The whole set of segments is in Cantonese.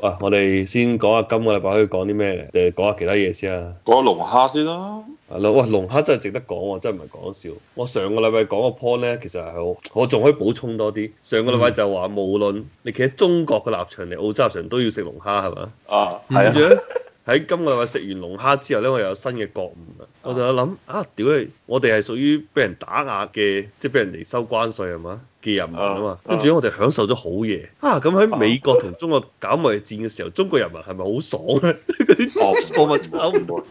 喂，我哋先講下今個禮拜可以講啲咩咧？誒，講下其他嘢先啊。講下龍蝦先啦、啊。係咯，喂，龍蝦真係值得講喎、啊，真係唔係講笑。我上個禮拜講個 point 咧，其實係好，我仲可以補充多啲。上個禮拜就話、嗯、無論你企喺中國嘅立場定澳洲立場，都要食龍蝦係咪？啊，係啊。 喺今日我食完龍蝦之後咧，我又有新嘅覺悟啊！我就有諗啊，啊，屌你！我哋係屬於俾人打壓嘅，即係俾人哋收關稅係嘛嘅人民啊嘛。跟住、啊、我哋享受咗好嘢啊！咁喺美國同中國搞貿易戰嘅時候，中國人民係咪好爽啊？嗰啲國貨唔會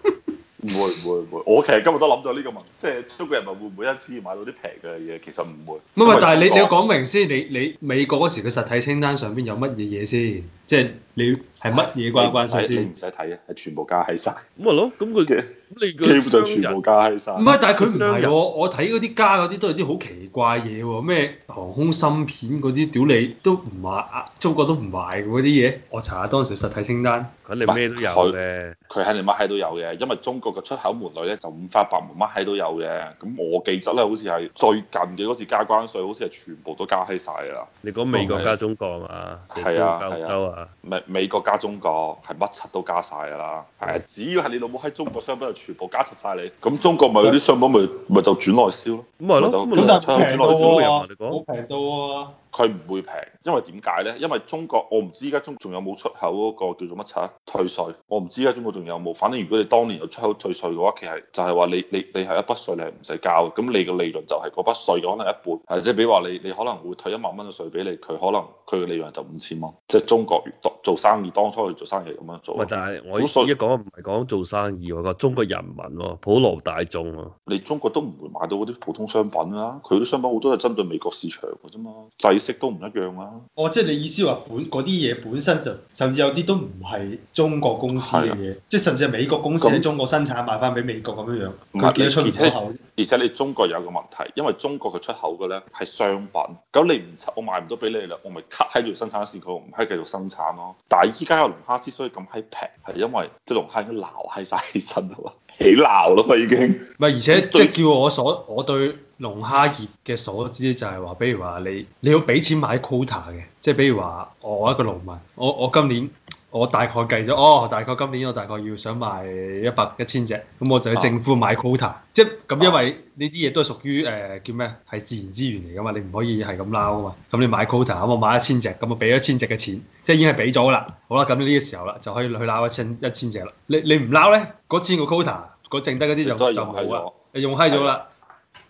唔會唔會，會，會，會？我其實今日都諗咗呢個問題，即、就、係、是、中國人民會唔會一次買到啲平嘅嘢？其實唔會。唔係不，但係你但你，你要講明先，你你，你美國嗰時嘅實體清單上邊有乜嘢嘢先？即係你係乜嘢關關稅先？唔使睇啊，係全部加喺晒。咁咪咯，咁佢嘅，你嘅全部加喺晒。唔係，但係佢唔係喎。我睇嗰啲加嗰啲都係啲好奇怪嘢喎。咩航空芯片嗰啲屌你都唔賣，中國都唔買嗰啲嘢。我查下當時實體清單，佢哋咩都有嘅。佢肯定乜閪都有嘅，因為中國嘅出口門類咧就五花八門，乜閪都有嘅。咁我記得咧好似係最近嘅嗰次加關稅，好似係全部都加喺晒啦。你講美國加中國係嘛？係啊，係啊。美美國加中國係乜柒都加晒㗎啦。係啊，只要係你老母喺中國商品度全部加柒晒，你，咁中國咪有啲商品咪咪就轉內銷咯，咁咪咯，咁但係平到喎，啊，冇平到喎佢唔會平，因為點解呢？因為中國我唔知依家中仲有冇出口嗰個叫做乜柒退稅，我唔知依家中國仲有冇。反正如果你當年有出口退稅嘅話，其實就係話你你你係一筆稅你係唔使交，咁你嘅利潤就係嗰筆稅可能一半。即係比如話你你可能會退一萬蚊嘅稅俾你，佢可能佢嘅利潤就五千蚊。即係中國做生意當初去做生意咁樣做。唔係，但係我依一講唔係講做生意，我講中國人民咯，普羅大眾咯。你中國都唔會買到嗰啲普通商品啦，佢啲商品好多係針對美國市場㗎啫嘛，就是意識都唔一樣啊！哦，即係你意思話本嗰啲嘢本身就，甚至有啲都唔係中國公司嘅嘢，的即係甚至係美國公司喺中國生產賣翻俾美國咁樣樣，唔見得出出口而。而且你中國有個問題，因為中國嘅出口嘅咧係商品，咁你唔我賣唔到俾你啦，我咪 cut 喺度生產線，佢唔係繼續生產咯。但係依家個龍蝦之所以咁閪平，係因為即係、就是、龍蝦已經鬧晒起身啊嘛，起鬧咯已經。唔係，而且即對叫我所我對。龍蝦業嘅所知就係話，比如話你你要俾錢買 quota 嘅，即係比如話我一個農民，我我今年我大概計咗，哦大概今年我大概要想賣一百一千隻，咁我就去政府買 quota，、啊、即咁，因為呢啲嘢都係屬於誒、呃、叫咩係自然資源嚟㗎嘛，你唔可以係咁撈㗎嘛，咁你買 quota，咁我買一千隻，咁我俾一千隻嘅錢，即係已經係俾咗啦。好啦，咁呢個時候啦，就可以去撈一千一千隻啦。你你唔撈咧，嗰千個 quota，嗰剩低嗰啲就就唔好啦，用閪咗啦。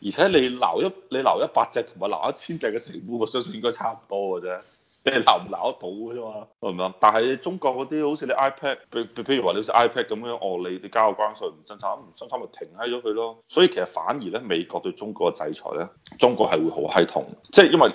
而且你留一你留一百隻同埋留一千隻嘅成本，我相信應該差唔多嘅啫。你留唔留得到嘅啫嘛？係咪啊？但係中國嗰啲好似你 iPad，譬譬如話你好似 iPad 咁樣，哦，你你交個關稅唔生產唔生產咪停喺咗佢咯。所以其實反而咧，美國對中國嘅制裁咧，中國係會好閪痛。即係因為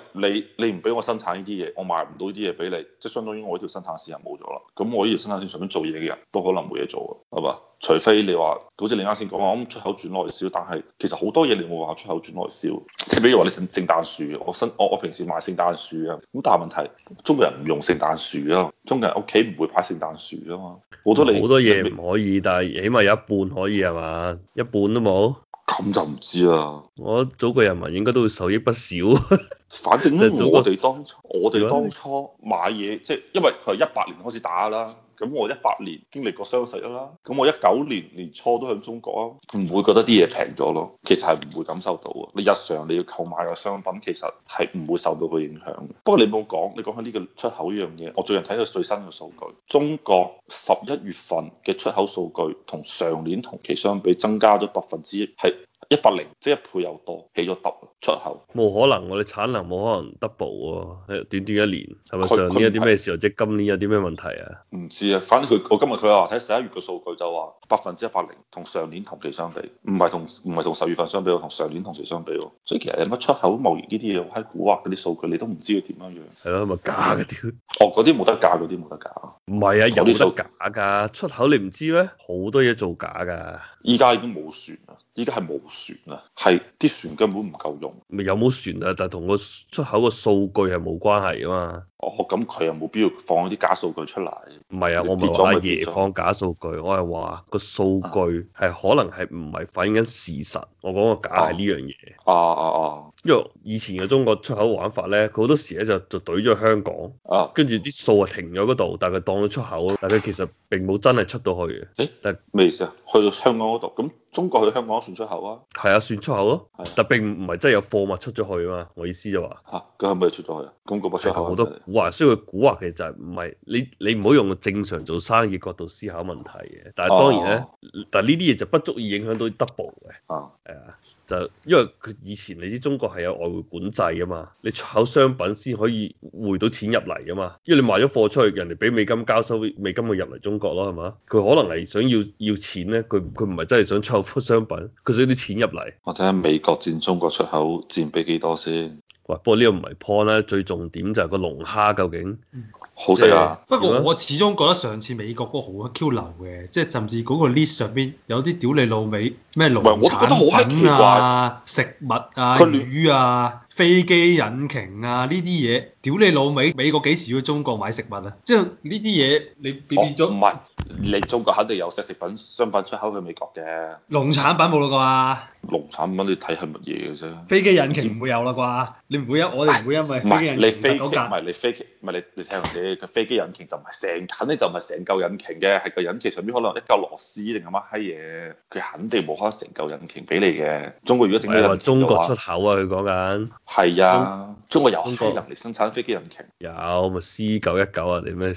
你你唔俾我生產呢啲嘢，我賣唔到呢啲嘢俾你，即係相當於我呢條生產線冇咗啦。咁我呢條生產線上面做嘢嘅人都可能冇嘢做嘅，係嘛？除非你話，好似你啱先講話，出口轉內銷，但係其實好多嘢你冇話出口轉內銷，即係比如話你聖聖誕樹，我新我我平時買聖誕樹啊，好大係問題中國人唔用聖誕樹啊，中國人屋企唔會擺聖誕樹啊嘛，好多你好多嘢唔可以，但係起碼有一半可以係嘛，一半都冇，咁就唔知啊。我祖國人民應該都會受益不少。 反正我哋當我哋當初買嘢，即、就、係、是、因為佢係一八年開始打啦。咁我一八年經歷過雙十一啦，咁我一九年年初都向中國啊，唔會覺得啲嘢平咗咯，其實係唔會感受到。你日常你要購買嘅商品其實係唔會受到佢影響。不過你冇講，你講下呢個出口呢樣嘢，我最近睇到最新嘅數據，中國十一月份嘅出口數據同上年同期相比增加咗百分之一，係。一百零，即一倍又多，起咗 double 出口。冇可能我哋產能冇可能 double 喎、啊，喺短短一年，係咪上年有啲咩事，即今年有啲咩問題啊？唔知啊，反正佢我今日佢話睇十一月嘅數據就話百分之一百零同上年同期相比，唔係同唔係同十月份相比，同上年同期相比，所以其實有乜出口貿易呢啲嘢，喺古惑嗰啲數據你都唔知佢點樣樣。係咯，咪假嘅啲。哦，嗰啲冇得假，嗰啲冇得假。唔係啊，有得假噶，出口你唔知咩？好多嘢做假噶，依家已經冇船啦，依家係冇船啊，係啲船根本唔夠用。咪有冇船啊？但係同個出口個數據係冇關係噶嘛哦。哦，咁佢又冇必要放嗰啲假數據出嚟。唔係啊，我唔係話嘢放假數據，我係話個數據係可能係唔係反映緊事實。我講個假係呢樣嘢。哦哦哦。因為以前嘅中國出口玩法咧，佢好多時咧就就懟咗香港，跟住啲數啊停咗嗰度，但係當出口咯，但係其實並冇真係出到去嘅。誒、欸。但係咩意思啊？去到香港嗰度咁。中國去香港算出口啊？係啊，算出口咯，啊、但並唔係真係有貨物出咗去啊嘛，我意思就話嚇，佢係咪出咗去？咁個出口好多古惑。所以佢古惑其實就係唔係你你唔好用正常做生意角度思考問題嘅。但係當然咧，啊、但係呢啲嘢就不足以影響到 double 嘅。啊，係啊，就因為佢以前你知中國係有外匯管制啊嘛，你出口商品先可以匯到錢入嚟啊嘛，因為你賣咗貨出去，人哋俾美金交收美金咪入嚟中國咯，係嘛？佢可能係想要要錢咧，佢佢唔係真係想出商品佢收啲錢入嚟，我睇下美國佔中國出口佔比幾多先。哇！不過呢個唔係 point 啦，最重點就係個龍蝦究竟、嗯就是、好食啊。就是、不過我始終覺得上次美國嗰個好 Q 流嘅，即、就、係、是、甚至嗰個 list 上邊有啲屌你老味咩農產品啊、食物啊、連魚啊、飛機引擎啊呢啲嘢。屌你老味，美國幾時要去中國買食物啊？即係呢啲嘢你變咗唔係你中國肯定有食食品商品出口去美國嘅。農產品冇啦啩？農產品你睇係乜嘢嘅啫？飛機引擎唔會有啦啩？你唔會因唉我哋唔會因為飛機你飛機唔係你飛機唔係你你聽下先，佢飛機引擎就唔係成肯定就唔係成嚿引擎嘅，係個引擎上邊可能一嚿螺絲定係乜閪嘢，佢肯定冇可能成嚿引擎俾你嘅。中國如果整你中國出口啊，佢講緊係啊，中國有飛機能生產。飛機引擎有咪 C 九一九啊？定咩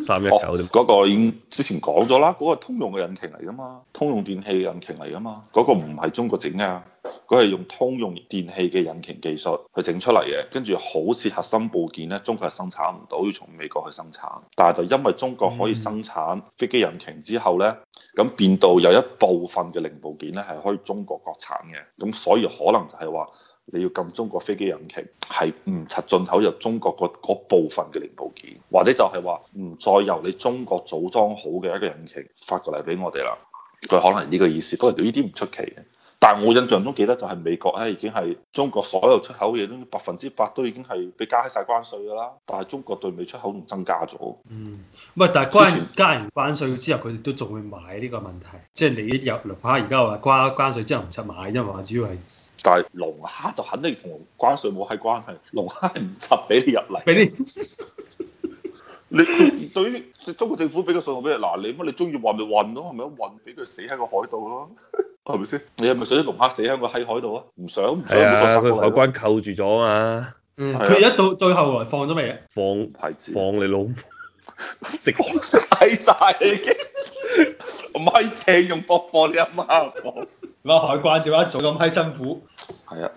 三一九？嗰個已經之前講咗啦，嗰個通用嘅引擎嚟噶嘛，通用電器引擎嚟噶嘛，嗰個唔係中國整啊，佢係用通用電器嘅引擎技術去整出嚟嘅，跟住好似核心部件咧，中國係生產唔到，要從美國去生產。但係就因為中國可以生產飛機引擎之後咧，咁、嗯、變到有一部分嘅零部件咧係可以中國國產嘅，咁所以可能就係話。你要禁中國飛機引擎，係唔拆進口入中國嗰部分嘅零部件，或者就係話唔再由你中國組裝好嘅一個引擎發過嚟俾我哋啦。佢可能呢個意思，不過呢啲唔出奇嘅。但係我印象中記得就係美國，誒、哎、已經係中國所有出口嘢都百分之百都已經係俾加晒曬關稅㗎啦。但係中國對美出口仲增加咗。嗯，喂，但係關加完關稅之後，佢哋都仲會買呢個問題，即、就、係、是、你入龍蝦而家話關關稅之後唔出買，因為話主要係。但係龍蝦就肯定同關稅冇係關係，龍蝦係唔執俾你入嚟，俾給你。 你對於中國政府俾個信號俾你，嗱，你乜你中意運咪運咯，係咪啊？運俾佢死喺個海度咯，係咪先？你係咪想啲龍蝦死喺個閪海度啊？唔想唔想，佢海關扣住咗啊佢一、嗯啊、到最後來放咗未啊？放，放牌子？放你老婆，食光晒晒已經，唔可以用播放你阿媽咁海關點解做咁閪辛苦？係啊，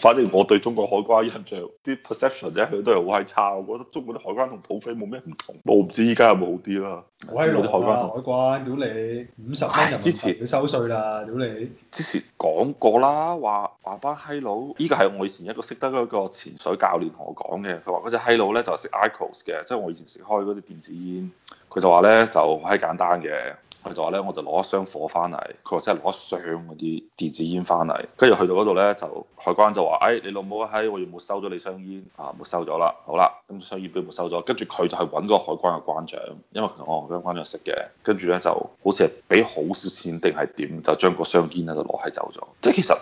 反正我對中國海關印象啲 perception 一向都係好閪差，我覺得中國啲海關同土匪冇咩唔同。我唔知依家有冇好啲啦。我喺六海關，海關屌你五十蚊人民幣要收稅啦，屌你、哎！之前講過啦，話話班閪佬，依個係我以前一個識得嗰個潛水教練同我講嘅，佢話嗰隻閪佬咧就食、是、IQOS 嘅，即、就、係、是、我以前食開嗰啲電子煙，佢就話咧就好閪簡單嘅。佢就話咧，我就攞一箱火返嚟，佢話即係攞一箱嗰啲電子煙返嚟，跟住去到嗰度咧，就海關就話，誒、哎、你老母閪、哎，我要沒收咗你箱煙，啊沒收咗啦，好啦，咁箱煙被沒收咗，跟住佢就去搵嗰個海關嘅關長，因為我同嗰個關長識嘅，跟住咧就好似係俾好少錢定係點，就將個箱煙咧就攞起走咗，即係其實。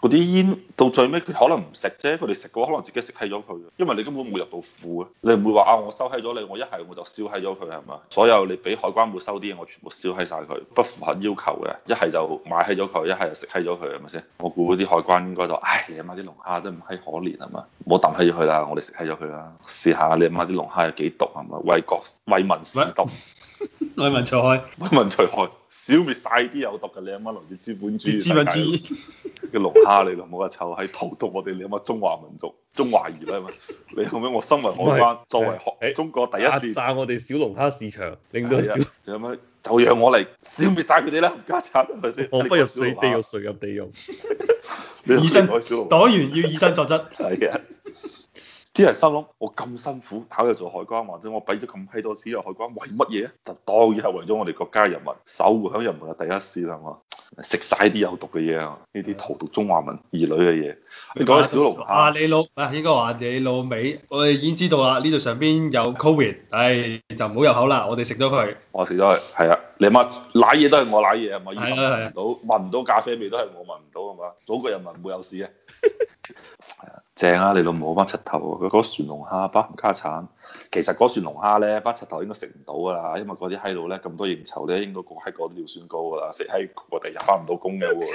嗰啲煙到最尾，佢可能唔食啫。佢哋食過可能自己食閪咗佢。因為你根本唔會入到庫嘅，你唔會話啊！我收閪咗你，我一係我就燒閪咗佢，係嘛？所有你俾海關沒收啲嘢，我全部燒閪晒佢，不符合要求嘅。一係就賣閪咗佢，一係就食閪咗佢，係咪先？我估嗰啲海關應該就唉，你媽啲龍蝦真係閪可憐係嘛？唔好抌閪咗佢啦，我哋食閪咗佢啦，試下你媽啲龍蝦有幾毒係嘛？為國為民除毒。為民除害，為民除害，消滅晒啲有毒嘅，你有冇啊？留住資本主義，啲資本主義叫龍蝦 你咯，冇得臭，喺荼毒我哋，你有冇啊？中華民族、中華兒女，你有冇啊？我身為海關，是作為學，欸、中國第一次炸我哋小龍蝦市場，令到小、啊、你有冇啊？就讓我嚟，消滅曬佢哋啦！家賊係咪先？我不入水地，地獄誰入地獄？以身黨員要以身作則，係啊！啲人心諗，我咁辛苦考入做海關，或者我俾咗咁閪多錢入海關，為乜嘢啊？就當然係為咗我哋國家人民，守護響人民嘅第一線啦。食晒啲有毒嘅嘢，啊，呢啲荼毒中華民兒女嘅嘢。的你講阿小龍蝦啊，你老啊，應該話你老味。我哋已經知道啦，呢度上邊有 covid，唉，就唔好入口啦。我哋食咗佢，我食咗佢，係啊。你咪舐嘢都係我舐嘢係嘛？聞唔到、啊啊、聞唔到咖啡味都係我聞唔到係嘛？祖國人民冇有事啊！ 正啊！你老母乜柒頭佢嗰嗰蒜龍蝦包唔卡橙，其實嗰蒜龍蝦咧包柒頭應該食唔到㗎啦，因為嗰啲閪佬咧咁多應酬咧，應該個喺個啲尿酸高㗎啦，食喺我哋又翻唔到工嘅喎，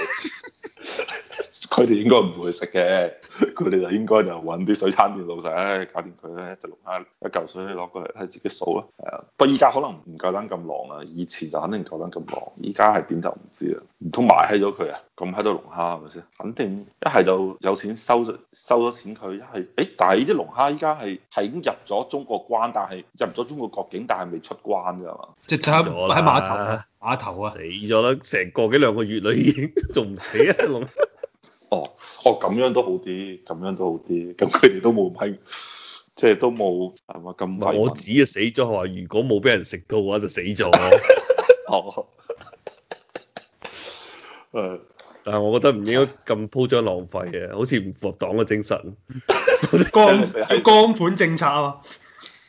佢哋 應該唔會食嘅，佢哋就應該就揾啲水產店老細、哎、搞掂佢咧，就龍蝦一嚿水攞過嚟係自己數啦。係啊，不過依家可能唔夠膽咁狼啦，以前。以前就肯定嗰陣咁忙，依家係點就唔知啦。唔通埋喺咗佢啊？咁喺度龍蝦係咪先？肯定一係就有錢收咗收咗錢佢一係，誒、欸、但係啲龍蝦依家係已經入咗中國關，但係入咗中國國境，但係未出關㗎嘛。即係喺喺碼頭，碼頭啊死咗啦！成個幾兩個月啦，已經仲唔死啊龍、 哦？哦哦，咁樣都好啲，咁樣都好啲。咁佢哋都冇批，即係都冇係嘛咁。就是、是是我指啊死咗係話，如果冇俾人食到嘅話就死咗。 哦，誒， 但係我覺得唔應該咁鋪張浪費嘅，好似唔符合黨嘅精神。 光光盤政策啊嘛，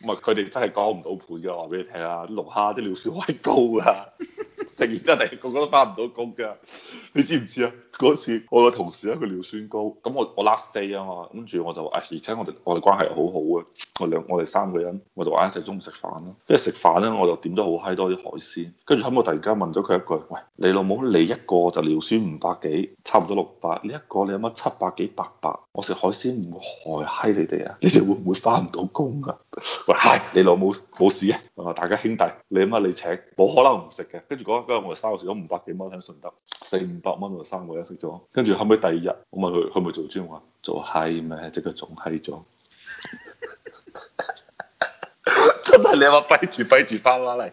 唔係佢哋真係講唔到盤嘅，我話俾你聽啊，啲龍蝦啲尿酸好高㗎。 食 完真係個個都翻唔到工㗎， 你知唔知啊？嗰次我個同事咧佢尿酸高，咁我我 last day 啊嘛，跟住我就誒、哎，而且我哋我哋關係好好啊，我兩我哋三個人我就話一齊中午食飯咯，跟住食飯咧我就點咗好嗨多啲海鮮，跟住後尾我突然間問咗佢一句，喂，你老母你一個就尿酸五百幾，差唔多六百，你一個你有乜七百幾八百，800，我食海鮮唔會害閪你哋啊？你哋會唔會翻唔到工啊？ 喂，嗨、哎，你老母冇事啊，大家兄弟你有乜你請，冇可能唔食嘅，跟住跟住我哋三個食咗五百幾蚊喺順德，四五百蚊就三個一食咗。跟住後尾第二日，我問佢：佢咪做專話？做係咩？即係仲係咗。 真係有冇」真係你話閉住閉住翻返嚟。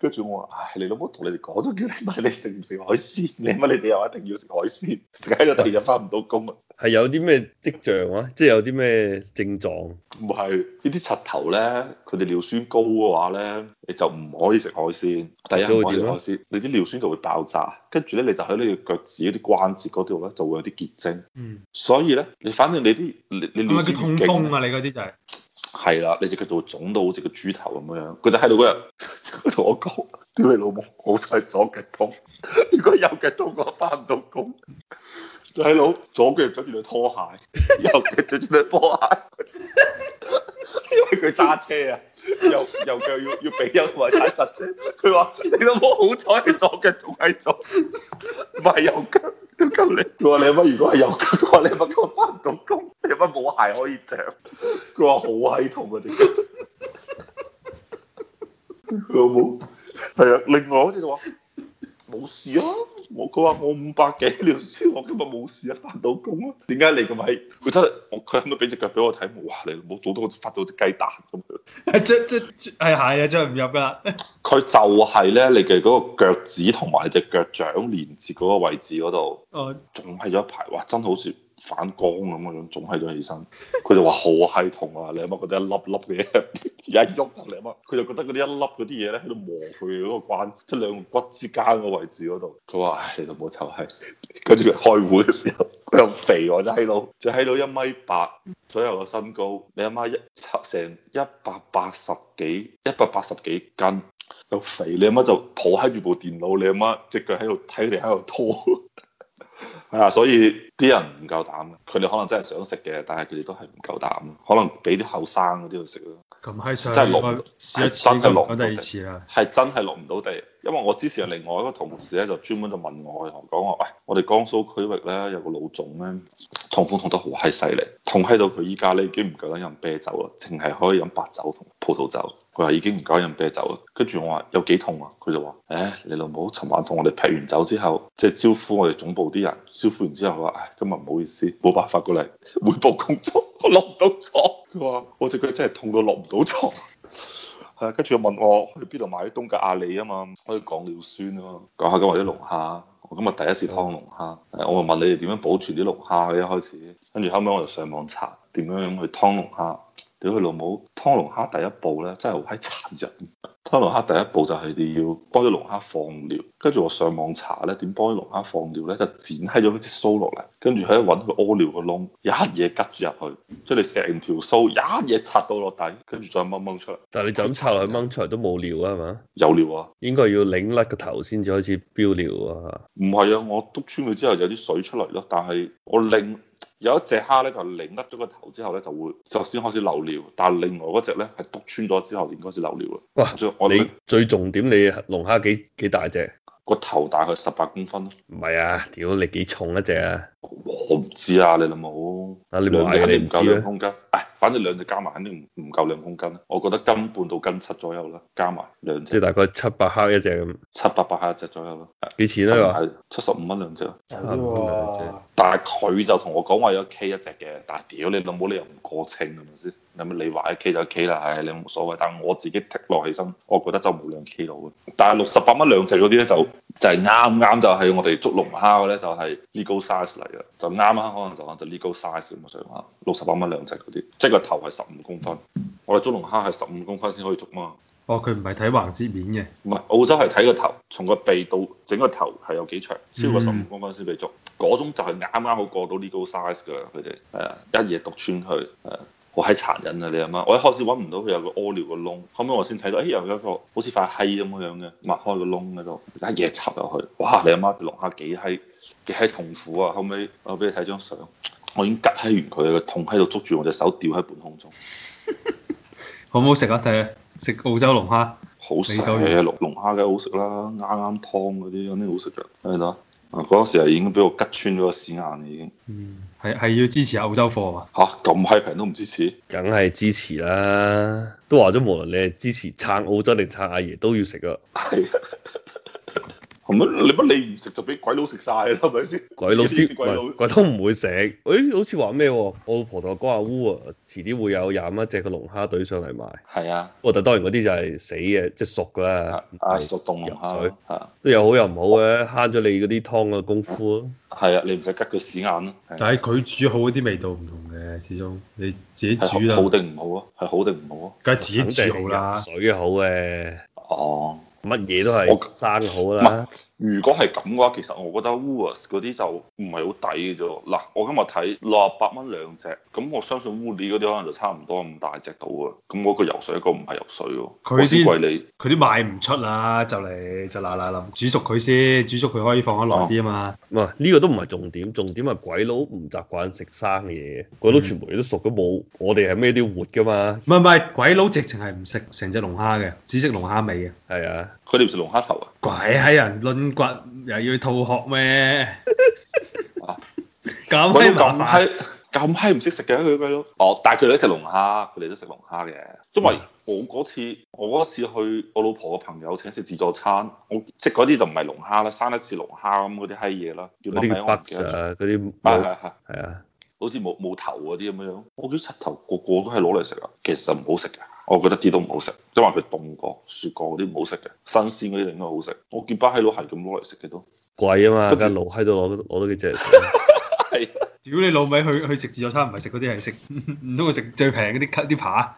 跟住我話，唉，你老母同你哋講咗叫你問你食唔食海鮮？你乜你哋又一定要食海鮮？食喺度第二日翻唔到工啊！係有啲咩跡象啊？即係有啲咩症狀？唔係呢啲柒頭咧，佢哋尿酸高嘅話咧，你就唔可以食海鮮。第二日唔可以食海鮮，你啲尿酸就會爆炸。跟住咧，你就喺你嘅腳趾嗰啲關節嗰度咧，就會有啲結晶。嗯。所以咧，你反正你啲你你尿酸痛風啊，你嗰啲就係。係啦，你隻腳做腫到好似個豬頭咁樣樣，佢就喺度嗰日，同 我講，屌你老母，好彩係左腳痛，如果右腳痛我翻唔到工。細佬 左腳着住對拖鞋，右腳着住對拖鞋， 因為佢揸車啊，右腳右腳要要俾油啊踩實車。佢話你老母好彩左腳仲係左，唔係右腳。佢話你阿媽？如果係右腳，嘅話你叫我翻唔到工。有乜冇鞋可以著？佢話好閪痛啊！點解佢又冇？係啊 hearing， 另外好似就話冇事啊。我佢話我五百幾條絲，我今日冇事啊，翻到工啊。點解你咁閪？佢真係佢咁多幾隻腳俾我睇，哇！嚟冇好多發到隻雞蛋咁。著著係鞋啊，著唔入㗎，佢就係、是、咧，你嘅嗰個腳趾同埋隻腳掌連接嗰個位置嗰度，仲係咗一排，哇！真好似～反光咁嘅樣，仲係咗起身。佢就話好嗨痛啊！你阿媽覺得一粒粒嘢 一喐，你阿媽佢就覺得嗰啲一粒嗰啲嘢咧喺度磨佢嗰個關，即係兩個骨之間個位置嗰度。佢話：你哋冇臭氣。跟 住開會嘅時候，又肥我真係嗨佬，就喺到一米八左右嘅身高。你阿媽，媽一成一百八十幾，一百八十幾斤又肥。你阿媽，媽就抱喺住部電腦，你阿媽隻腳喺度，睇佢哋喺度拖。 係啊，所以啲人唔夠膽，佢哋可能真係想食嘅，但係佢哋都係唔夠膽，可能俾啲後生嗰啲去食咯。咁閪真係落，真係落唔到地。係真係落唔到地，因為我之前有另外一個同事咧，就專門就問我，講我喂、哎，我哋江蘇區域咧有個老總咧，痛風痛得好閪犀利，痛到佢依家咧已經唔夠膽飲啤酒啦，淨係可以飲白酒同葡萄酒。佢話已經唔夠膽飲啤酒啦。跟住我話有幾痛啊？佢就話：誒，你老母尋晚同我哋劈完酒之後，即係招呼我哋總部啲人。招呼完之後，佢話：唉，今日唔好意思，冇辦法過嚟，匯報工作，我落唔到床。佢話：我隻腳真係痛到落唔到床。 」係啊，跟住又問我去邊度買啲東格阿里啊嘛，可以降尿酸咯、啊。講下今日啲龍蝦，今日第一次湯龍蝦。我又問你哋點樣保存啲龍蝦嘅一開始，跟住後尾我就上網查點樣去湯龍蝦。屌佢老母，湯龍蝦第一步咧真係好閪殘忍。劏龍蝦第一步就係要幫啲龍蝦放尿，跟住我上網查咧點幫啲龍蝦放尿咧，就剪開咗啲須落嚟，跟住喺度揾佢屙尿個窿，一嘢吉住入去，即係你成條須一嘢拆到落底，跟住再掹掹出嚟。但係你就咁插落去掹出嚟都冇尿啊？係嘛？有尿啊？尿啊應該要擰甩個頭先至開始飆尿啊？唔係啊，我篤穿佢之後有啲水出嚟咯，但係我擰。有一隻蝦咧，就扭甩咗個頭之後咧，就會就先開始流尿；但係另外嗰隻咧，係篤穿咗之後先開始流尿啊！哇，最你最重點，你龍蝦幾幾大隻？個頭大概十八公分咯。唔係啊，屌你幾重一隻啊？我唔知啊，你老母啊！你唔係你唔知啊。唔夠兩公斤，唉，反正兩隻加埋肯定唔唔夠兩公斤啦。我覺得斤半到斤七左右啦，加埋兩隻，即係大概七百克一隻咁，七百八克一隻左右咯。幾錢啊？七十五蚊兩隻。但係佢就同我講話要一 K 一隻嘅，但係屌你老母，你又唔過稱係咪先？你你話一 K 就一 K 啦，唉、哎，你冇所謂。但係我自己剔落起身，我覺得就冇兩 K 到。但係六十八蚊兩隻嗰啲咧，就是、剛剛就係啱啱就係我哋捉龍蝦嘅咧，就係 legal size 就啱啱可能就我哋 legal size 咁啊，就係六十八蚊兩隻嗰啲，即係個頭係十五公分，我哋捉龍蝦係十五公分先可以捉嘛。哦，佢唔係睇橫枝面嘅，唔係澳洲係睇個頭，從個鼻到整個頭係有幾長，超過十五公分先被捉。嗰、嗯、種就係啱啱好過到 legal size 㗎，佢哋係一嘢篤穿佢係、啊好閪殘忍啊！你阿媽，媽，我一開始揾唔到佢有個屙尿個窿，後尾我先睇到，哎，又有個好似塊閪咁嘅樣嘅，擘開個窿喺度，而家嘢插落去，哇！你阿媽條龍蝦幾閪幾閪痛苦啊！後尾我俾你睇張相，我已經吉閪完佢，個痛喺度捉住我隻手，吊喺半空中。好唔好食啊？睇下食澳洲龍蝦，啊、好食係啊！龍龍蝦梗好食啦，啱啱劏嗰啲肯定好食嘅，喺度啊！剛剛啊！嗰陣時已經俾我拮穿咗個屎眼啦，已經。嗯，係係要支持澳洲貨啊！嚇咁 h 平都唔支持？梗係支持啦！都話咗，無論你係支持撐澳洲定撐阿爺，都要食噶。係。 咁你乜你唔食就俾鬼佬食晒啦，係咪先？鬼佬先，鬼佬鬼都唔會食。誒，好似話咩？我老婆同我講下烏啊，遲啲會有廿五蚊隻嘅龍蝦腿上嚟賣。係啊，不過但當然嗰啲就係死嘅，即係熟啦。啊，熟凍龍蝦，吓，都有好又唔好嘅，慳咗你嗰啲湯嘅功夫咯。係啊，你唔使拮佢屎眼咯。但係佢煮好嗰啲味道唔同嘅，始終你自己煮啦。好定唔好啊？係好定唔好啊？梗係自己煮好啦。水好嘅。哦。乜嘢都係生好啦。如果係咁嘅話，其實我覺得 Woolies 嗰啲就唔係好抵嘅啫。嗱，我今日睇六十八蚊兩隻，咁我相信 Woolies 嗰啲可能就差唔多咁大隻到啊。咁嗰個游水一個唔係游水喎。佢啲佢啲賣唔出啦，就嚟就嗱嗱臨煮熟佢先，煮熟佢可以放得耐啲啊嘛。唔係呢個都唔係重點，重點係鬼佬唔習慣食生嘅嘢，鬼佬全部都熟、嗯、都冇我哋係咩都活㗎嘛。唔係唔係，鬼佬直情係唔食成隻龍蝦嘅，只食龍蝦尾嘅。係啊。佢哋唔食龍蝦頭啊？鬼閪人，掄骨又要吐殼咩？咁閪麻煩，咁閪唔識食嘅佢哋咯。哦，但係佢哋都食龍蝦，佢哋都食龍蝦嘅，因為我嗰次我嗰次去我老婆嘅朋友請食自助餐，我食嗰啲就唔係龍蝦啦，生得似龍蝦咁嗰啲閪嘢啦。叫乜嘢啊？嗰啲係啊，是啊好似冇冇頭嗰啲咁樣，我覺得七頭，個個都係攞嚟食啊，其實就唔好食嘅。我覺得啲都唔好食，因為佢凍過、雪過嗰啲唔好食嘅，新鮮嗰啲就應該好食。我見班喺佬係咁攞嚟食嘅都，都貴啊嘛，跟住老喺度攞攞多幾隻。係，如果你老味，去去食自助餐唔係食嗰啲，係食唔通佢食最平嗰啲 cut 啲扒。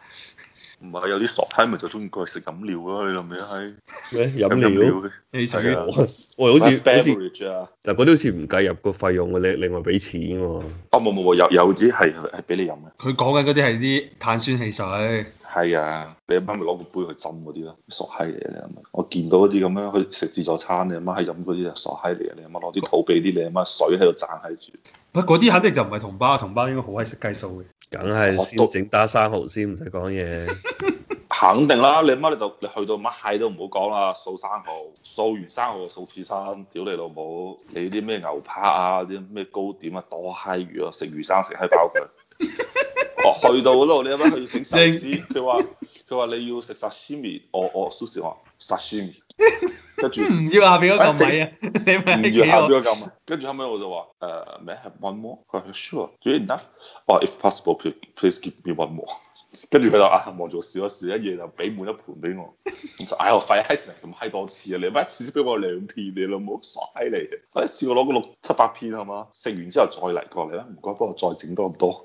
唔係，有啲傻閪咪就中意過食飲料咯，你諗唔諗起咩飲料？飲料你以前的我，我好似，好似啲好似唔計入個費用，你另外俾錢哦，啊冇冇，有有啲係係俾你飲嘅。佢講緊嗰啲係啲碳酸汽水。係啊，你阿媽咪攞個杯去浸嗰啲咯，傻閪嚟嘅你阿媽。我見到嗰啲咁樣去食自助餐，你阿媽係飲嗰啲啊，傻閪嚟嘅你阿媽攞啲肚俾啲你阿媽水喺度攢喺住。唔，嗰啲肯定就唔係同胞，同胞應該好閪識計數嘅，梗係先整打生蠔先，唔使講嘢。肯定啦，你乜你就你去到乜閪都唔好講啦，掃生蠔，掃完生蠔就掃刺身，屌你老母，你啲咩牛扒啊啲咩糕點啊多閪魚啊，食魚生食閪飽佢。 哦，去到嗰度你乜去整壽司，佢話定。佢話你要食 sashimi，我我 sushi 我 sashimi，跟住唔要下邊嗰嚿米啊，唔要下邊嗰嚿米啊？跟住、啊、 後尾我就話誒，咩、呃、have one more，佢話 sure，最然之後我 if possible please give me one more，跟住佢就啊忙做試咗試，一夜就俾滿一盤俾我。我話哎呀，廢閪事咁閪多次啊你，唔係一次先俾我兩片嘅、啊，傻你冇耍閪你嘅。試我一次我攞個六七百片係嘛，食完之後再嚟過嚟啦，唔該幫我再整多咁多,多。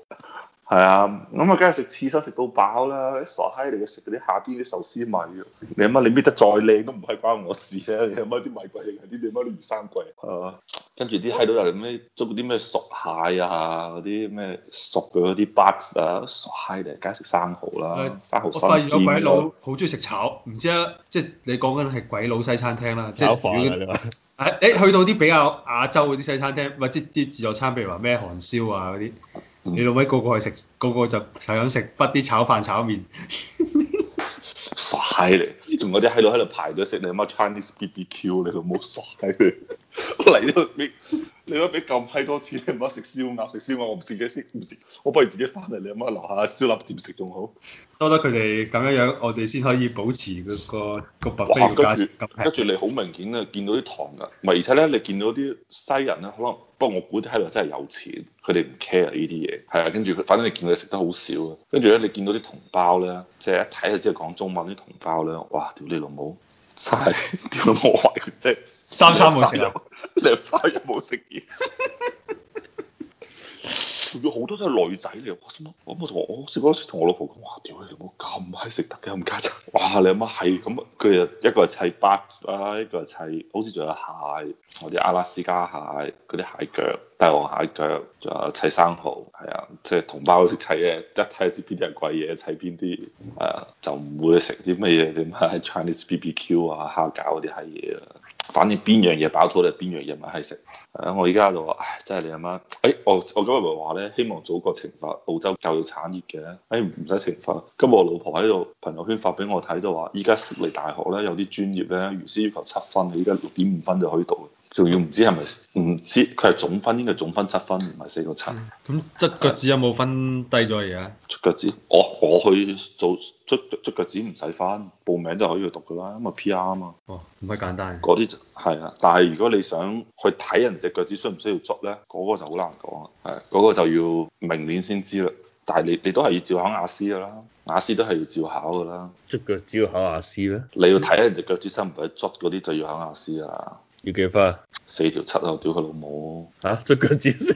係啊，咁啊梗係食刺身食到飽啦！傻閪嚟嘅食嗰啲下邊啲壽司米，你乜你搣得再靚都唔係關我事啊。你乜啲米貴啊？啲你乜啲魚生貴啊？係啊，跟住啲閪佬又嚟咩捉嗰啲咩熟蟹啊，嗰啲咩熟嘅嗰啲八啊，傻閪嚟，梗係食生蠔啦、啊！啊、生蠔、啊，我發現有鬼佬好中意食炒，唔知啊，即、就、係、是、你講緊係鬼佬西餐廳啦，炒飯啊！ 哎、去到啲比較亞洲嗰啲西餐廳，唔即啲自助餐，譬如話咩韓燒啊嗰啲。你老味，個個去食，個個就就咁食畢啲炒飯炒麵、嗯， 傻閪嚟！我啲喺度喺度排隊食，你阿媽 Chinese BBQ，你老母傻閪。嚟都俾你而家俾咁閪多錢，你唔好食燒鴨食燒鴨，我唔食嘅。食唔食，我不如自己翻嚟，你阿媽留下燒鴨店食仲好。多得佢哋咁樣樣，我哋先可以保持嗰個個白飛。跟住，跟住你好明顯啊，見到啲糖噶。唔係，而且咧，你見到啲西人咧，可能不過我估啲喺度真係有錢，佢哋唔 care 呢啲嘢。係啊，跟住佢，反正你見到佢食得好少啊。跟住咧，你見到啲同胞咧，即係一睇啊，即係講中文啲同胞咧，哇！屌你老母！真係，屌你冇位啫！三餐冇食，兩餐又冇食嘢。 三三 仲要好多都係女仔嚟，哇！咁我同我，我試過同我老婆講：哇！屌你哋冇咁閪食得嘅咁家雜！哇！你阿媽係咁，佢又一個係砌 box 啦，一個係砌，好似仲有蟹，嗰啲阿拉斯加蟹、嗰啲蟹腳、帝王蟹腳，仲有砌生蠔，係啊，即係同胞都識砌嘅，一睇知邊啲係貴嘢，砌邊啲係啊，就唔、係啊、會食啲乜嘢點啊 Chinese BBQ 啊、蝦餃嗰啲閪嘢啦。反正邊樣嘢飽肚，你係邊樣嘢咪係食。誒、啊，我依家就話，真係你阿媽，媽。誒、哎，我我今日咪話咧，希望祖國懲罰澳洲教育產業嘅、啊。誒、哎，唔使懲罰。今日我老婆喺度朋友圈發俾我睇，就話依家嚟大學咧，有啲專業咧，原先要求七分，你依家六點五分就可以讀。仲要唔知係咪唔知佢係總分應該係總分七分，唔係四個七。咁執、嗯、腳趾有冇分低咗嘢啊？執腳趾，我我去做執執腳趾唔使分，報名就可以去讀噶啦，因為 P R 嘛。哦，咁鬼簡單。嗰啲就係啊，但係如果你想去睇人隻腳趾需唔需要執咧，嗰、那個就好難講啊。係，嗰、那個就要明年先知啦。但係你你都係要照考雅思噶啦，雅思都係要照要考噶啦。執腳趾要考雅思咩？你要睇人隻腳趾使唔使執嗰啲，就要考雅思啦。要幾分？四條七啊！屌佢老母！啊，著腳紫色。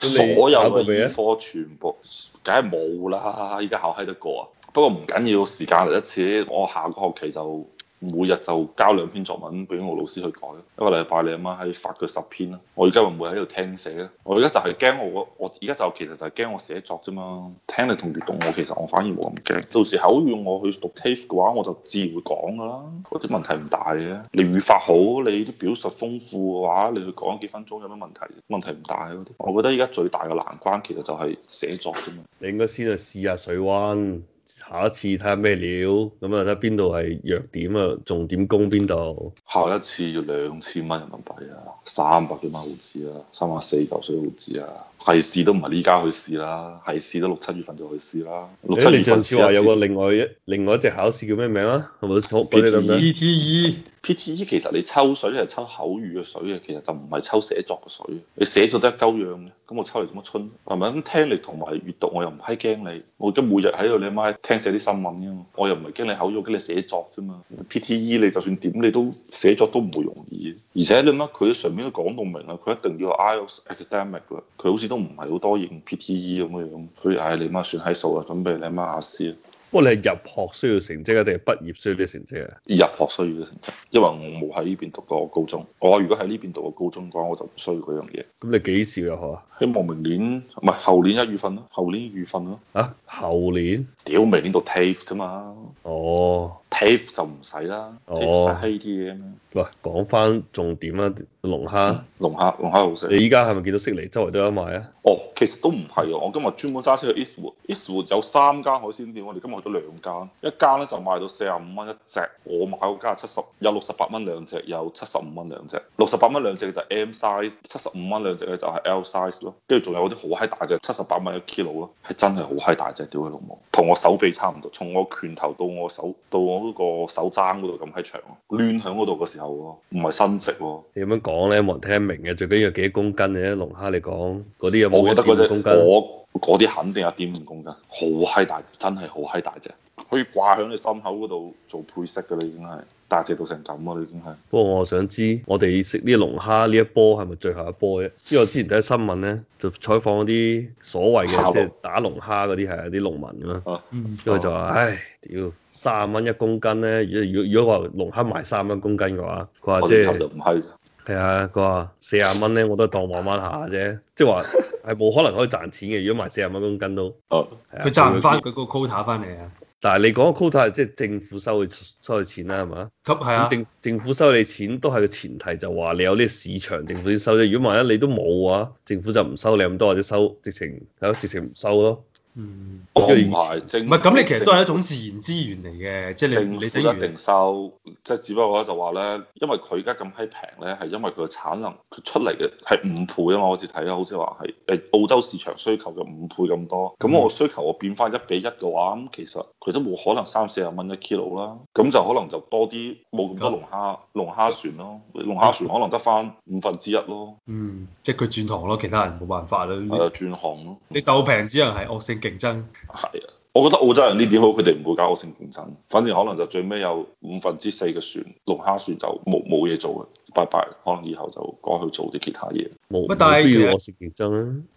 所有嘅科全部，梗係冇啦！依家考閪得過啊！不過唔緊要，時間嚟一次，我下個學期就。每日就交兩篇作文俾我老師去改一，一個禮拜你阿媽喺發佢十篇啦。我而家會唔會喺度聽寫咧？我而家就係驚我我而家就其實就係驚我寫作啫嘛。聽力同閲讀我其實我反而冇咁驚。到時口語我去讀 TAFE 嘅話，我就自然會講噶啦。嗰啲問題唔大嘅。你語法好，你都表述豐富嘅話，你去講幾分鐘有乜問題？問題唔大啊。我覺得而家最大嘅難關其實就係寫作啫嘛。你應該先去試下水溫。下一次睇下咩料，咁啊睇下邊度係弱點啊，重點攻邊度？下一次要兩千蚊人民幣啊，三百幾蚊毫紙啊，三百四舊水毫紙啊，係試都唔係呢家去試啦，係試都六七月份就去試啦。六七、欸、你上次話有個另外一另外一隻考試叫咩名啊？係咪？好，幫你諗唔諗？PTE 其實你抽水係抽口語嘅水嘅，其實就唔係抽寫作嘅水嘅。你寫作都一鳩樣嘅，咁我抽嚟做乜春？係咪？咁聽力同埋閲讀我又唔係驚你。我咁每日喺度你阿媽、媽聽寫啲新聞啫嘛，我又唔係驚你口語，驚你寫作啫嘛。PTE 你就算點，你都寫作都唔會容易。而且你媽佢上面都講到明啦，佢一定要 IELTS Academic 佢好似都唔係好多認 PTE 咁嘅樣。所以唉，你媽算喺數啊？準備你阿媽雅思不過你係入學需要成績啊，定係畢業需要啲成績啊？入學需要啲成績，因為我冇喺呢邊讀過高中。我如果喺呢邊讀過高中嘅話，我就唔需要嗰樣嘢。咁你幾時入學啊？希望明年唔係後年一月份咯，後年二月份咯。啊，後年？屌，明年讀 TAFE 啫嘛。哦。TAFE 就唔使啦，食嗨啲嘢咩？喂，講翻重點啦，啊，龍蝦、嗯，龍蝦，龍蝦好食。你依家係咪見到悉尼周圍都有賣啊？哦，其實都唔係啊，我今日專門揸車去 Eastwood，Eastwood East 有三間海鮮店，我哋今日去咗兩間，一間咧就賣到四十五蚊一隻，我買嗰間係七十有六十八蚊兩隻，有七十五蚊兩隻，六十八蚊兩隻就 M size，七十五蚊兩隻咧就係 L size 咯，跟住仲有嗰啲好嗨大隻，七十八蚊一 kg 咯，係真係好嗨大隻，屌佢老母，同我手臂差唔多，從我拳頭到我手到我嗰個手踭嗰度咁閪長，攣喺嗰度嘅時候，唔係新食喎。你咁樣講咧，冇人聽明嘅。最緊要幾多公斤咧？龍蝦你講嗰啲有冇？我覺得嗰隻，我嗰啲肯定一點五公斤，好閪大，真係好閪大隻，可以掛喺你心口嗰度做配飾嘅啦已經係。大隻到成咁啊！你已經係。不過我想知，我哋食啲龍蝦呢一波係咪最後一波啫？因為之前睇新聞咧，就採訪嗰啲所謂嘅即係打龍蝦嗰啲係啊啲農民咁樣。哦。跟住就話：唉，屌三啊蚊一公斤咧，如果如果如果話龍蝦賣三蚊一公斤嘅話，佢話即係。龍係啊，佢話四啊蚊咧，我都係當玩玩下啫，即係話係冇可能可以賺錢嘅。如果賣四啊蚊一公斤都。哦。佢、oh. 賺唔翻佢個 quota 翻嚟啊！但係你講個 quota 即係政府收佢收佢錢啦，係嘛？咁係啊，政府收你錢都係個前提，就話你有呢個市場，政府先收啫。如果萬一你都冇嘅話，政府就唔收你咁多，或者收直情係咯，直情唔、啊、收咯。嗯，我唔係咁，正你其實都係一種自然資源嚟嘅，即係政府定收，即係只不過就話咧，因為佢而家咁閪平咧，係因為佢產能佢出嚟嘅係五倍啊嘛，我好似睇吓，好似話係誒澳洲市場需求嘅五倍咁多，咁我需求我變翻一比一嘅話，咁其實佢都冇可能三四十蚊一 kilo 啦，咁就可能就多啲冇咁多龍蝦龍、嗯、蝦船咯，龍蝦船可能得翻五分之一咯。嗯，即係佢轉行咯，其他人冇辦法啦。誒的，轉行咯，你鬥平只能係惡性競爭。係啊，我覺得澳洲人呢點好，佢哋唔會搞惡性競爭，反正可能就最尾有五分之四嘅船龍蝦船就冇冇嘢做嘅。拜拜，bye bye，可能以後就改去做啲其他嘢。冇乜，我啊、但係其實，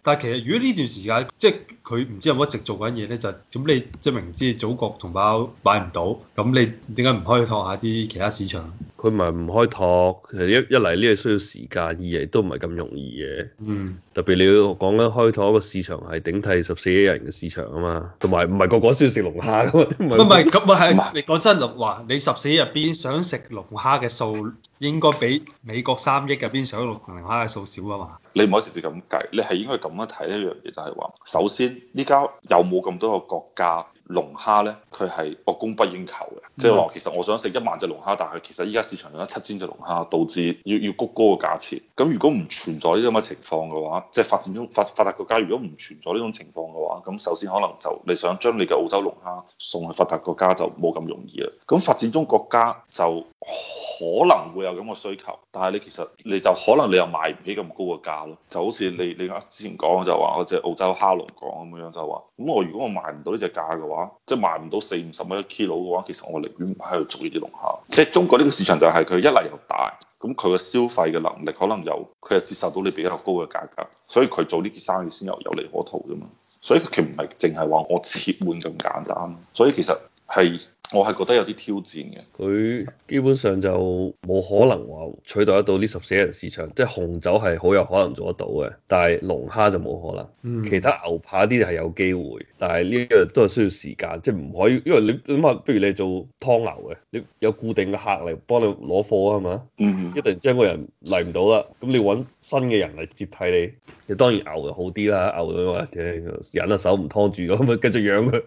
但係其實，如果呢段時間即係佢唔知有冇一直做緊嘢咧，就咁、是、你即係明知祖國同胞買唔到，咁你點解唔開拓下啲其他市場？佢唔係唔開拓，其實一一嚟呢係需要時間，二嚟都唔係咁容易嘅。嗯，特別你要講緊開拓一個市場係頂替十四億人嘅市場啊嘛，同埋唔係個個都要食龍蝦嘅。唔係咁，唔係你講真話，你十四億入邊想食龍蝦嘅數？應該比美國三億入邊上一六零零蝦嘅數少啊嘛。你唔可以直接咁計，你係應該咁樣睇一樣嘢，就係話首先呢家有冇咁多個國家龍蝦呢？佢係惡供不應求嘅，即係話其實我想食一萬隻龍蝦，但係其實依家市場有得七千隻龍蝦，導致要要谷高個價錢。咁如果唔存在呢咁嘅情況嘅話，即係發展中發發達國家如果唔存在呢種情況嘅話，咁首先可能就你想將你嘅澳洲龍蝦送去發達國家就冇咁容易啦。咁發展中國家就。呵呵可能會有咁嘅需求，但係你其實你就可能你又賣唔起咁高嘅價咯，就好似你你啱之前講就話嗰隻澳洲蝦龍講咁樣就話，咁我如果我賣唔到呢隻價嘅話，即係賣唔到四五十蚊一 kilo 嘅話，其實我寧願唔喺度做呢啲龍蝦。即係中國呢個市場就係佢一嚟又大，咁佢嘅消費嘅能力可能又佢又接受到你比較高嘅價格，所以佢做呢件生意先有有利可圖啫嘛。所以佢唔係淨係話我切換咁簡單，所以其實係。我係覺得有啲挑戰嘅，佢基本上就冇可能話取代得到呢十四億市場，即係紅酒係好有可能做得到嘅，但係龍蝦就冇可能。其他牛扒啲係有機會，但係呢個都係需要時間，即係唔可以，因為你諗下，不如你做湯牛嘅，你有固定嘅客嚟幫你攞貨係嘛，一定 然之間個人嚟唔到啦，咁你揾新嘅人嚟接替你，你當然牛就好啲啦，牛因為忍人手唔劏住咁咪繼續養佢。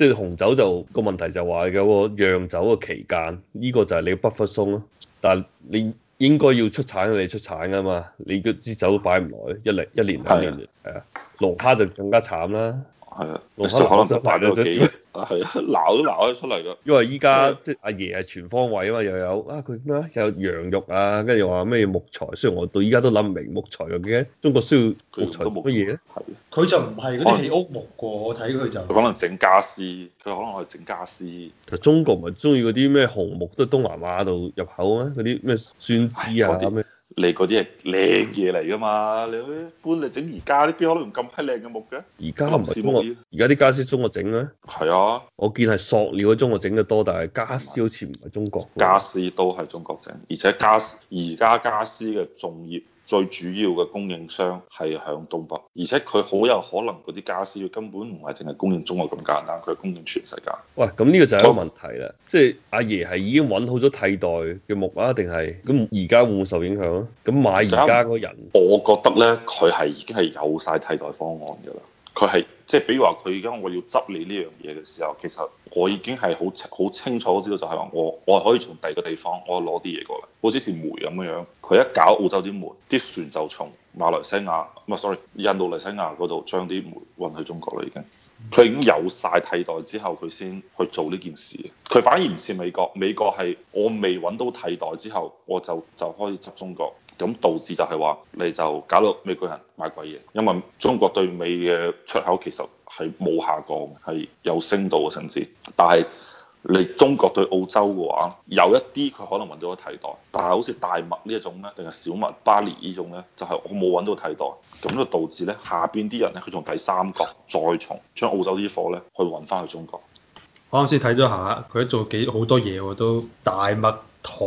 即係紅酒就個問題就話。有個釀酒嘅期間，呢、這個就係你不屈鬆咯。但係你應該要出產，你出產啊嘛？你啲酒都擺唔耐，一嚟一年兩年，係啊的，龍蝦就更加慘啦。係啊，六七六七份都係啊，鬧都鬧得出嚟噶。因為依家即係阿爺係全方位啊嘛，又有啊佢咩啊，有羊肉啊，跟住又話咩木材。雖然我到依家都諗唔明木材又點解中國需要木材乜嘢咧？佢就唔係嗰啲起屋木噶、啊，我睇佢就佢可能整家私，佢可能係整家私。其實中國唔係中意嗰啲咩紅木都係東南亞度入口啊，嗰啲咩酸枝啊咁咩。你嗰啲係靚嘢嚟噶嘛？你去搬嚟整而家啲，邊可能咁閪靚嘅木嘅？而家唔係先喎，而家啲家私中國整咧。係啊，我見係塑料喺中國整得多，但係家私好似唔係中國。家私都係中國整，而且家私而家家私嘅重業。最主要嘅供應商係響東北，而且佢好有可能嗰啲家私根本唔係淨係供應中國咁簡單，佢係供應全世界。喂，咁呢個就係一個問題啦，即係我阿爺係已經揾好咗替代嘅木啊，定係咁而家會唔會受影響啊？咁買而家嗰個人，我覺得呢，佢係已經係有晒替代方案㗎啦。佢係即係，比如話佢而家我要執你呢樣嘢嘅時候，其實我已經係好清好清楚知道就，就係話我我可以從第二個地方我攞啲嘢過嚟，好似之前煤咁樣。佢一搞澳洲啲煤，啲船就從馬來西亞唔係 sorry 印度尼西亞嗰度將啲煤運去中國啦，已經。佢已經有晒替代之後，佢先去做呢件事。佢反而唔似美國，美國係我未揾到替代之後，我就就開始執中國。咁導致就係話，你就搞到美國人買鬼嘢，因為中國對美嘅出口其實係冇下降，係有升到嘅甚至。但係你中國對澳洲嘅話，有一啲佢可能揾到個替代，但係好似大麥呢一種呢，定係小麥巴黎呢種呢，就係、是、我冇揾到替代，咁就導致呢，下邊啲人呢，佢從第三國再從將澳洲啲貨呢，去揾翻去中國。我啱先睇咗下，佢做幾好多嘢都大麥，糖、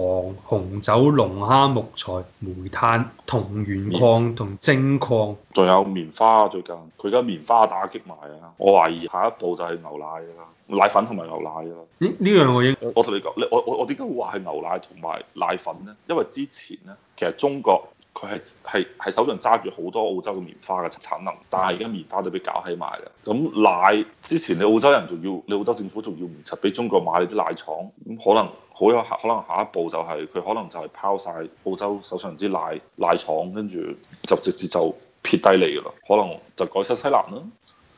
紅酒、龍蝦、木材、煤炭、銅源礦同精礦，仲有棉花最近，佢而家棉花打擊埋啊！我懷疑下一步就係牛奶啊，奶粉同埋牛奶啊！咦？呢樣我應該我同你講，你我我我點解會話係牛奶同埋奶粉咧？因為之前咧，其實中國。佢係係係手上揸住好多澳洲嘅棉花嘅產能，但係而家棉花都俾搞起埋啦。咁奶之前你澳洲人仲要，你澳洲政府仲要唔柒俾中國買你啲奶廠，咁可能好有可能下一步就係、是、佢可能就係拋晒澳洲手上啲奶奶廠，跟住就直接就撇低你噶啦，可能就改新西蘭啦。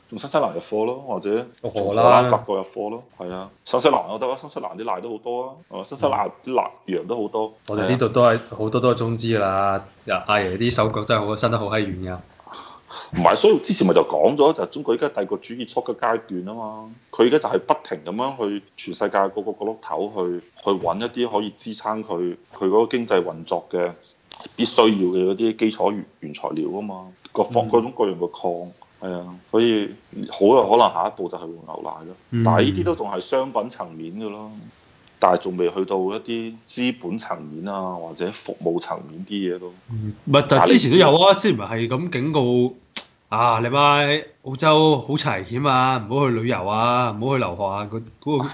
用新西蘭入貨咯，或者從法國入貨咯，係啊，啊，新西蘭都得啊，新西蘭啲奶都好多啊，啊、嗯，新西蘭啲奶羊都好多。嗯啊、我哋呢度都係好多都係中資啦，阿阿爺啲手腳都係好伸得好閪遠啊。唔係，所以之前咪就講咗，就係、中國而家帝國主義初嘅階段啊嘛，佢而家就係不停咁樣去全世界各個各個角落頭去去揾一啲可以支撐佢佢嗰個經濟運作嘅必須要嘅嗰啲基礎原原材料啊嘛，各礦各種各樣嘅礦。嗯係啊，所以好有可能下一步就係換牛奶咯。但係呢啲都仲係商品層面嘅咯，但係仲未去到一啲資本層面啊，或者服務層面啲嘢咯。唔係、嗯，但之前都有啊，之前唔係咁警告啊，嚟埋澳洲好危險啊，唔好去旅遊啊，唔好去留學啊，嗰、嗰個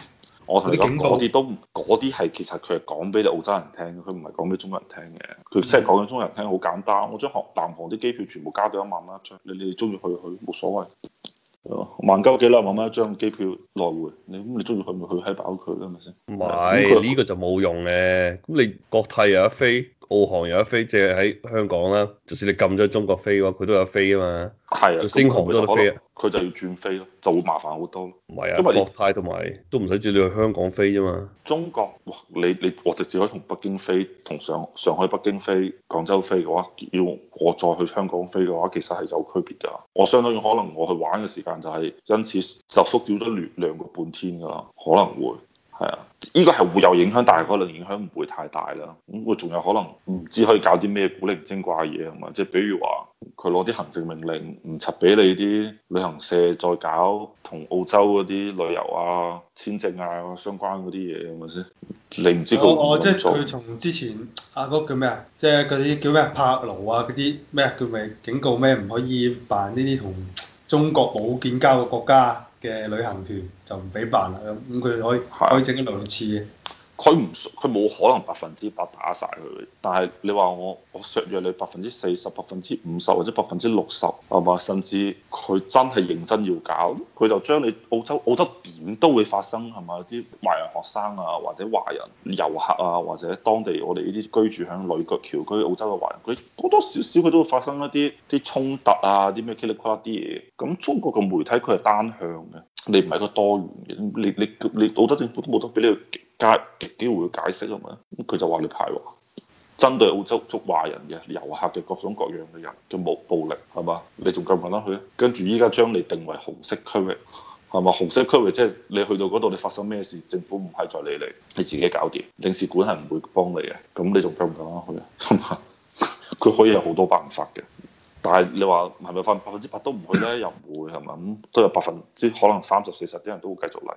我同你講嗰啲都嗰啲係其實佢係講俾你澳洲人聽，佢唔係講俾中國人聽嘅。佢即係講緊中國人聽，好簡單。我將航南航啲機票全部加到一萬蚊一張，你你中意去去，冇所謂。哦，萬幾幾萬蚊一張機票來回，你咁你中意去咪去喺飽佢咯，係咪先？唔係呢個就冇用嘅。咁你國泰又一飛？澳航有一飛，即係喺香港啦。就算你禁咗中國飛嘅話，佢都有飛啊嘛。係啊的，星航都有飛啊。佢就要轉飛咯，就會麻煩好多。唔係啊，因為國泰同埋都唔使轉你去香港飛啫嘛。中國哇，你你我直接可以同北京飛，同上上海、北京飛、廣州飛嘅話，要我再去香港飛嘅話，其實係有區別噶。我相當於可能我去玩嘅時間就係、是、因此就縮掉咗兩兩個半天噶啦，可能會。係啊，依個係會有影響，但係可能影響唔會太大啦。咁我仲有可能唔知可以搞啲咩古靈精怪嘢係嘛？即係比如話，佢攞啲行政命令唔拆俾你啲旅行社再搞同澳洲嗰啲旅遊啊、簽證啊相關嗰啲嘢，係咪先？你唔知個、哦？哦，即係佢從之前啊，嗰叫咩啊？即係嗰啲叫咩？帕勞啊，嗰啲咩叫咩？警告咩？唔可以辦呢啲同。中國冇建交嘅國家嘅旅行團就唔俾辦啦，咁佢哋可以可以整一兩次嘅。佢唔佢冇可能百分之百打晒佢。但係你話我，我削弱你百分之四十、百分之五十或者百分之六十，係嘛？甚至佢真係認真要搞，佢就將你澳洲澳洲點都會發生係嘛？啲華人學生啊，或者華人遊客啊，或者當地我哋呢啲居住喺女角橋區澳洲嘅華人，佢多多少少佢都會發生一啲啲衝突啊，啲咩噼哩啪啦啲嘢。咁中國嘅媒體佢係單向嘅，你唔係個多元嘅。你你你，你澳洲政府都冇得俾你去。加極機會解釋啊嘛，佢就話你排華，針對澳洲捉壞人嘅遊客嘅各種各樣嘅人嘅暴暴力係嘛？你仲夠唔夠膽去咧？跟住依家將你定為紅色區域係嘛？紅色區域即係你去到嗰度，你發生咩事，政府唔係再理你，你自己搞掂，領事館係唔會幫你嘅。咁你仲夠唔夠膽去啊？佢 可以有好多辦法嘅，但係你話係咪分百分之百都唔去呢？又唔會係嘛？咁都有百分之可能三十四十啲人都會繼續嚟。